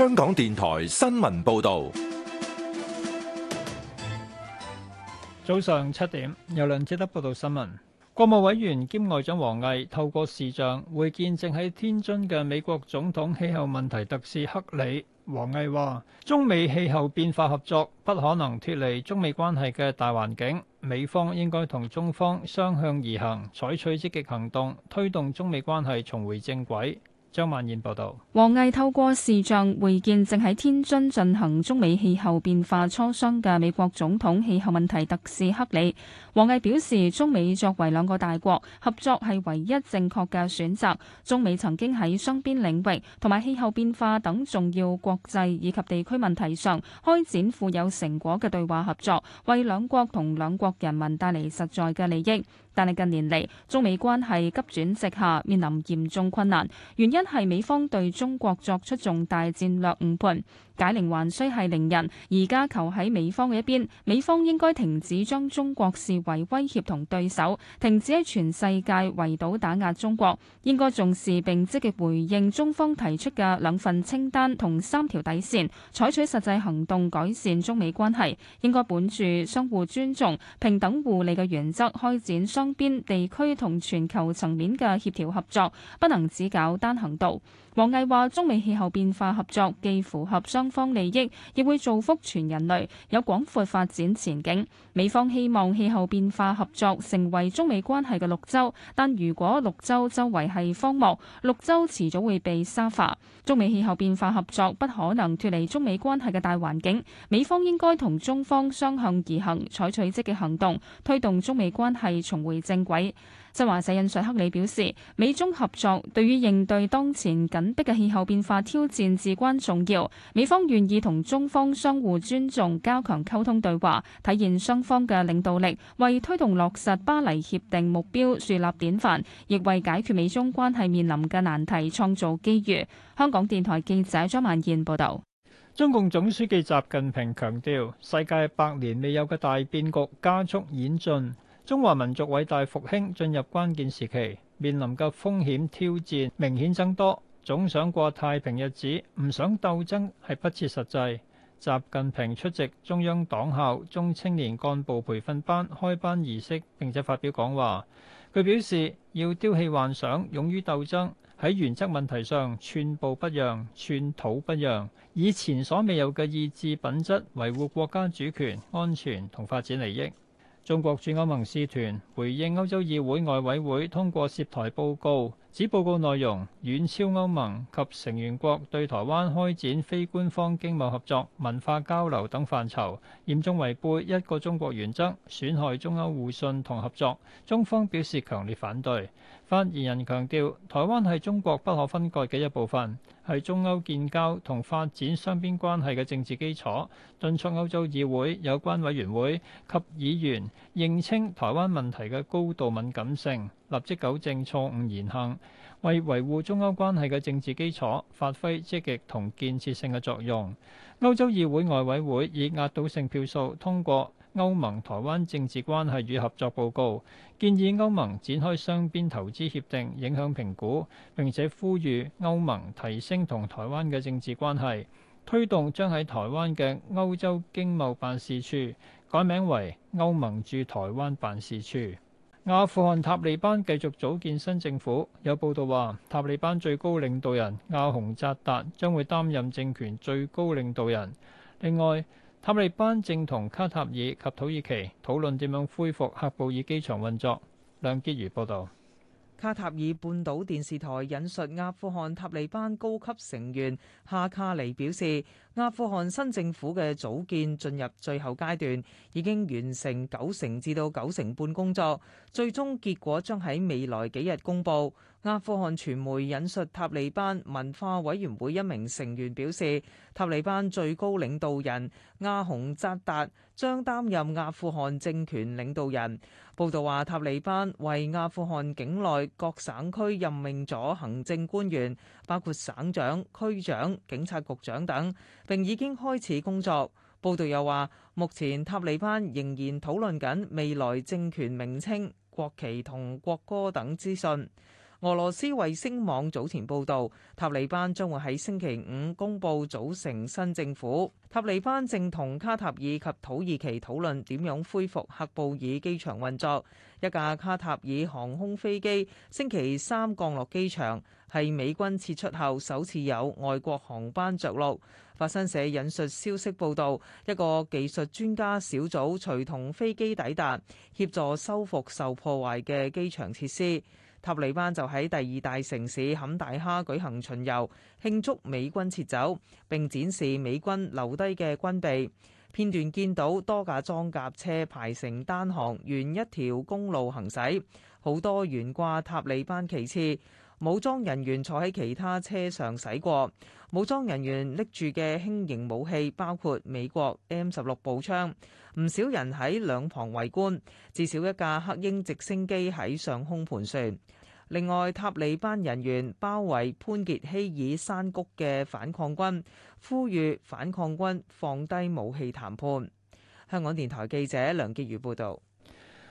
香港電台新聞報道，早上七點，有梁志德報道新聞。國務委員兼外長王毅透過視像會見正喺天津嘅美國總統氣候問題特使克里。王毅話：中美氣候變化合作不可能脫離中美關係嘅大環境，美方應該同中方相向而行，採取積極行動，推動中美關係重回正軌。張曼燕報道，王毅透過視像會見正喺天津進行中美氣候變化磋商嘅美國總統氣候問題特使克里。王毅表示，中美作為兩個大國，合作係唯一正確嘅選擇。中美曾經喺雙邊領域同埋氣候變化等重要國際以及地區問題上開展富有成果嘅對話合作，為兩國同兩國人民帶嚟實在嘅利益。但係近年嚟，中美關係急轉直下，面臨嚴重困難，原因係美方對中國作出重大戰略誤判，解鈴還需繫鈴人。而家求喺美方嘅一邊，美方應該停止將中國視為威脅同對手，停止喺全世界圍堵打壓中國。應該重視並積極回應中方提出嘅兩份清單同三條底線，採取實際行動改善中美關係。應該本住相互尊重、平等互利嘅原則開展雙雙邊地區同全球層面嘅協調合作，不能只搞單行道。王毅話：中美氣候變化合作既符合雙方利益，亦會造福全人類，有廣闊發展前景。美方希望氣候變化合作成為中美關係嘅綠洲，但如果綠洲周圍係荒漠，綠洲遲早會被沙化。中美氣候變化合作不可能脫離中美關係嘅大環境，美方應該同中方相向而行，採取積極行動，推動中美關係重回正軌。新華社引述克里表示，美中合作對於應對當前緊迫嘅氣候變化挑戰至關重要。美方願意同中方相互尊重、加強溝通對話，體現雙方嘅領導力，為推動落實巴黎協定目標樹立典範，亦為解決美中關係面臨嘅難題創造機遇。香港電台記者張萬燕報道，中共總書記習近平強調，世界百年未有嘅大變局加速演進。中華民族偉大復興進入關鍵時期，面臨嘅風險挑戰明顯增多。總想過太平日子，唔想鬥爭係不切實際，習近平出席中央黨校中青年幹部培訓班開班儀式並且發表講話，佢表示要丟棄幻想，勇於鬥爭，喺原則問題上寸步不讓、寸土不讓，以前所未有嘅意志品質維護國家主權、安全同發展利益。中國駐歐盟使團回應歐洲議會外委會通過涉台報告。指報告內容遠超歐盟及成員國對台灣開展非官方經貿合作、文化交流等範疇，嚴重違背一個中國原則，損害中歐互信同合作。中方表示強烈反對。發言人強調，台灣係中國不可分割嘅一部分，係中歐建交同發展雙邊關係嘅政治基礎，敦促歐洲議會有關委員會及議員認清台灣問題嘅高度敏感性。立即糾正錯誤言行，為維護中歐關係嘅政治基礎，發揮積極同建設性嘅作用。歐洲議會外委會以壓倒性票數通過《歐盟台灣政治關係與合作報告》，建議歐盟展開雙邊投資協定影響評估，並且呼籲歐盟提升同台灣嘅政治關係，推動將喺台灣嘅歐洲經貿辦事處改名為歐盟駐台灣辦事處。阿富汗塔利班繼續組建新政府，有報導話，塔利班最高領導人阿洪扎達將會擔任政權最高領導人。另外，塔利班正同卡塔爾及土耳其討論點樣恢復喀布爾機場運作。梁潔如報導。卡塔爾半島電視台引述阿富汗塔利班高級成員哈卡尼表示，阿富汗新政府嘅組建進入最後階段，已經完成九成至到九成半工作，最終結果將喺未來幾日公佈。阿富汗傳媒引述塔利班文化委員會一名成員表示，塔利班最高領導人阿洪扎達將擔任阿富汗政權領導人。報道話，塔利班為阿富汗境內各省區任命咗行政官員，包括省長、區長、警察局長等，並已經開始工作。報道又話，目前塔利班仍然討論緊未來政權名稱、國旗同國歌等資訊。俄羅斯衛星網早前報道，塔利班將會喺星期五公布組成新政府。塔利班正同卡塔爾及土耳其討論點樣恢復喀布爾機場運作。一架卡塔爾航空飛機星期三降落機場，係美軍撤出後首次有外國航班着陸。法新社引述消息報道，一個技術專家小組隨同飛機抵達，協助修復受破壞嘅機場設施。塔利班就喺第二大城市坎大哈舉行巡遊，慶祝美軍撤走，並展示美軍留低嘅軍備。片段見到多架裝甲車排成單行，沿一條公路行駛，好多懸掛塔利班旗幟。武裝人員坐喺其他車上駛過，武裝人員拎住嘅輕型武器包括美國 M 十六步槍，唔少人喺兩旁圍觀，至少一架黑鷹直升機喺上空盤旋。另外，塔利班人員包圍潘傑希爾山谷嘅反抗軍，呼籲反抗軍放低武器談判。香港電台記者梁潔如報導。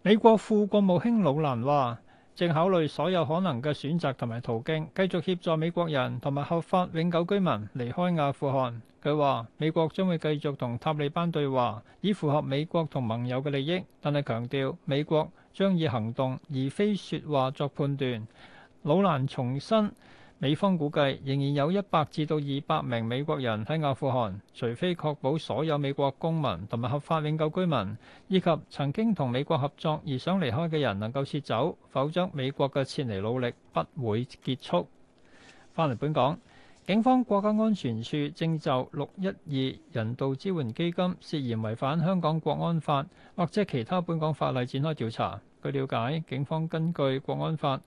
美國副國務卿魯蘭話，正考慮所有可能嘅選擇同埋途徑，繼續協助美國人同埋合法永久居民離開阿富汗。佢話：美國將會繼續同塔利班對話，以符合美國同盟友嘅利益。但係強調，美國將以行動而非說話作判斷。魯蘭重申。美方估計仍然有一百至到二百名美國人喺阿富汗，除非確保所有美國公民同埋合法永久居民，以及曾經同美國合作而想離開嘅人能夠撤走，否則美國嘅撤離努力不會結束。翻嚟本港，警方國家安全處正就六一二人道支援基金涉嫌違反香港國安法或者其他本港法例展開調查。據了解，警方根據國安法。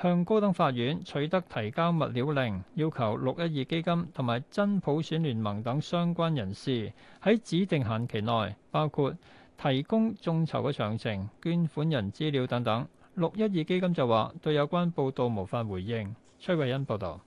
向高等法院取得提交物料令，要求六一二基金同埋真普選聯盟等相關人士喺指定限期內，包括提供眾籌嘅詳情、捐款人資料等等。六一二基金就話對有關報道無法回應。崔慧欣報道。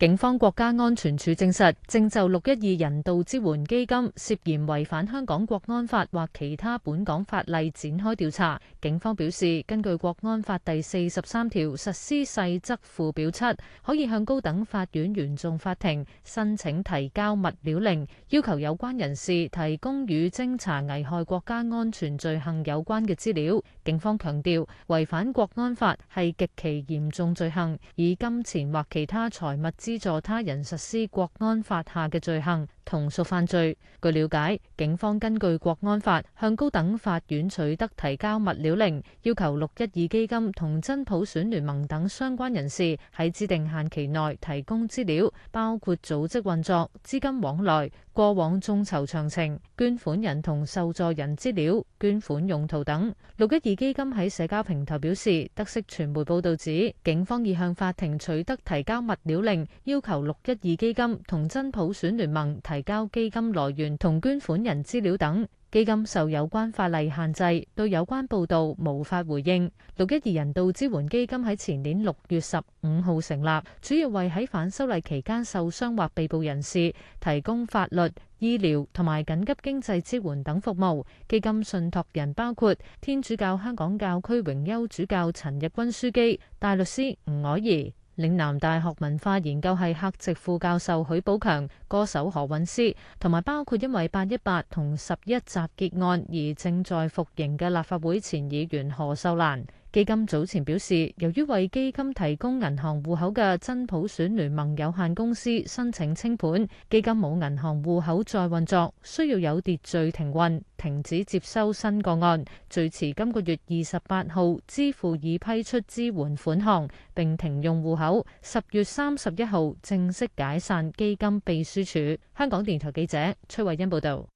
警方國家安全處證實，正就六一二人道支援基金涉嫌違反香港國安法或其他本港法例展開調查。警方表示，根據國安法第四十三條實施細則附表七，可以向高等法院原訟法庭申請提交物料令，要求有關人士提供與偵查危害國家安全罪行有關嘅資料。警方強調，違反國安法係極其嚴重罪行，以金錢或其他財物，資助他人實施國安法下嘅罪行，同屬犯罪。據了解，警方根據國安法向高等法院取得提交物料令，要求六一二基金同真普選聯盟等相關人士喺指定限期內提供資料，包括組織運作、資金往來。過往眾籌詳情、捐款人同受助人資料、捐款用途等。六一二基金喺社交平台表示，得悉傳媒報道指，警方已向法庭取得提交物料令，要求六一二基金同真普選聯盟提交基金來源同捐款人資料等。基金受有關法例限制，對有關報導無法回應。六一二人道支援基金喺前年六月十五號成立，主要為喺反修例期間受傷或被捕人士提供法律、醫療同埋緊急經濟支援等服務。基金信託人包括天主教香港教區榮休主教陳日君樞機、大律師吳靄儀。嶺南大學文化研究系客席副，副教授許寶強、歌手何韻詩，同埋包括因為八一八同十一集結案而正在服刑嘅立法會前議員何秀蘭。基金早前表示，由於為基金提供銀行戶口嘅真普選聯盟有限公司申請清盤，基金冇銀行戶口再運作，需要有秩序停運，停止接收新個案，最遲今個月二十八號支付已批出支援款項，並停用戶口。十月三十一號正式解散基金秘書處。香港電台記者崔慧欣報道。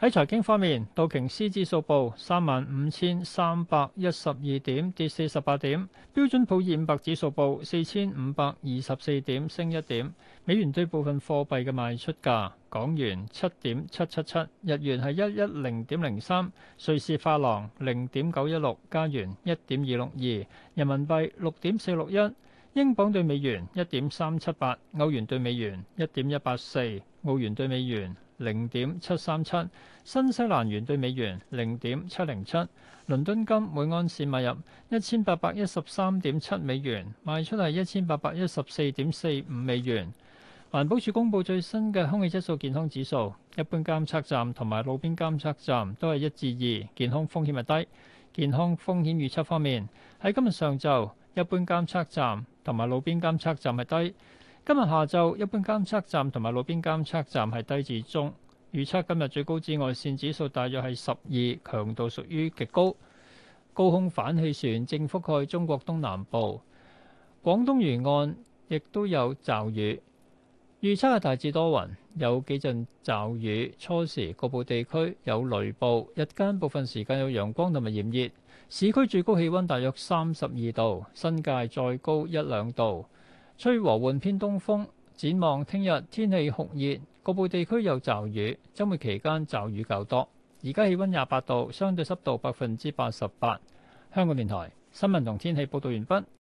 喺財經方面，道瓊斯指數報三萬五千三百一十二點，跌四十八點；標準普爾五百指數報四千五百二十四點，升一點。美元對部分貨幣嘅賣出價：港元七點七七七，日元係一一零點零三，瑞士法郎零點九一六，加元一點二六二，人民幣六點四六一，英鎊對美元一點三七八，歐元對美元一點一八四，澳元對美元，零點七三七，37，新西蘭元對美元零點七零七，倫敦金每安士買入一千八百一十三點七美元，賣出係一千八百一十四點四五美元。環保署公佈最新嘅空氣質素健康指數，一般監測站同埋路邊監測站都係一至二，健康風險係低。健康風險預測方面，喺今日上晝，一般監測站同埋路邊監測站係低。今日下晝，一般監測站同埋路邊監測站係低至中預測。今日最高紫外線指數大約係十二，強度屬於極高。高空反氣旋正覆蓋中國東南部，廣東沿岸亦都有驟雨。預測係大致多雲，有幾陣驟雨，初時局部地區有雷暴。日間部分時間有陽光同埋炎熱。市區最高氣溫大約三十二度，新界再高一兩度。吹和緩偏東風，展望聽日天氣酷熱，各部地區有驟雨，周末期間驟雨較多。而家氣温廿八度，相對濕度百分之八十八。香港電台新聞同天氣報導完畢。